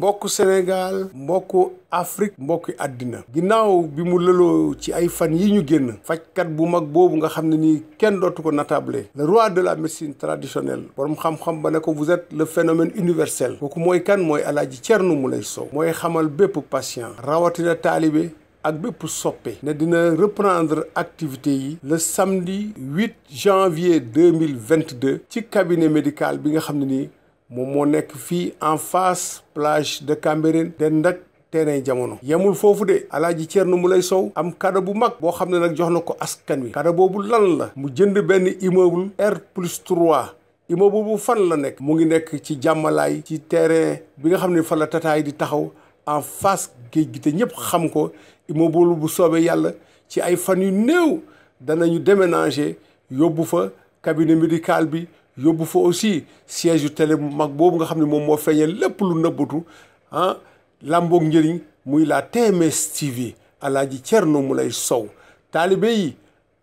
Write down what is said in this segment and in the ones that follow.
mbokku Sénégal mbokku Afrique mbokku àddina ginnaaw bi mu lëloo ci ay fan yi ñu génn fajkat bu mag boobu nga xam ne nii kenn dootu ko natable le roi de la médecine traditionnelle borom xam-xam ba ne ko vous êtes le phénomène universel kooku mooy kan mooy alaaji mu Mouleye Sow mooy xamal bépp patient rawatina taalibe ak bépp soppe ne dina reprendre activité yi le samedi 8 janvier 2022 ci cabinet médical bi nga xam ne nii moom moo nekk fii en face plage de Cambérène den nag terrain jamono yemul foofu de alaaji mu lay Sow am cadeau bu mag boo xam ne nag jox na ko askan wi cadeau boobu lan la mu jënd benn immeuble R plus 3 immeuble boobu fan la nekk mu ngi nekk ci jàmmalaay ci terrain bi nga xam ne fa la tataay di taxaw en face géej gi te ñëpp xam ko immeuble bu soobee yàlla ci ay fan yu néew danañu déménager yóbbu fa cabinet médical bi yóbbu fa aussi siège yu bu mag boobu nga xam ne moom moo feeñal lépp lu nëbbatu ah làmboog njëriñ muy la TMS TV Alaaji mu Moulay Sow taalibe yi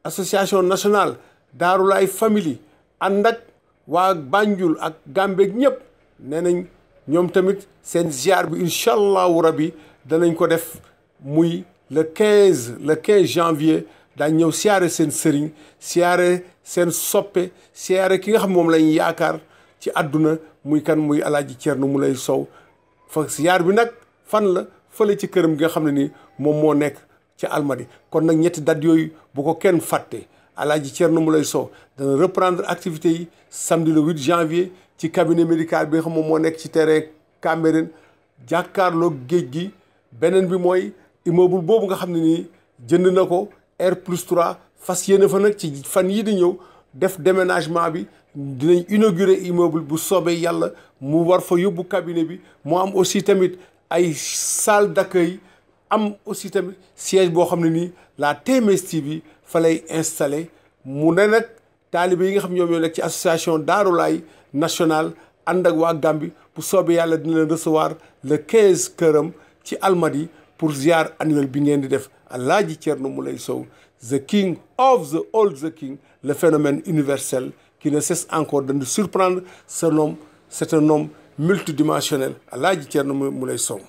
association nationale Daarulaay Family ànd ak waa Banjul ak gàmbeek ñëpp nee nañ ñoom tamit seen ziar bi incha allahu rabi danañ ko def muy le 15 le 15 janvier daañ ñëw siyaare seen sëriñ siyaare seen soppe siyaare ki nga xam moom lañ yaakaar ci àdduna muy kan muy alaaji mu lay Sow fa siyaar bi nag fan la fële ci këram gi nga xam ne ni moom moo nekk ci Almadi kon nag ñetti date yooyu bu ko kenn fàtte alaaji mu lay Sow dana reprendre activité yi samedi le 8 janvier ci cabinet médical bi nga xam moom moo nekk ci terrain Cambérène jàkkaarloo géej gi beneen bi mooy immeuble boobu nga xam ne nii jënd na ko R plus 3 fas yéene fa nag ci fan yii di ñëw def déménagement bi dinañ inaugurer immeuble bu soobee yàlla mu war fa yóbbu cabinet bi mu am aussi tamit ay salle d'accueil am aussi tamit siège boo xam ne nii la TMS TV fa lay installé mu ne nag taalibe yi nga xam ñoom ñoo nekk ci association Darou nationale ànd ak waa Gambie bu soobee yàlla dina leen recevoir le 15 këram ci Almadi pour ziar annuel bi ngeen di def Alaaji Thierno Moulay Sow the king of the old the king le phénomène universel qui ne cesse encore de nous surprendre ce nom c'est un homme multidimensionnel Alaaji mu lay Sow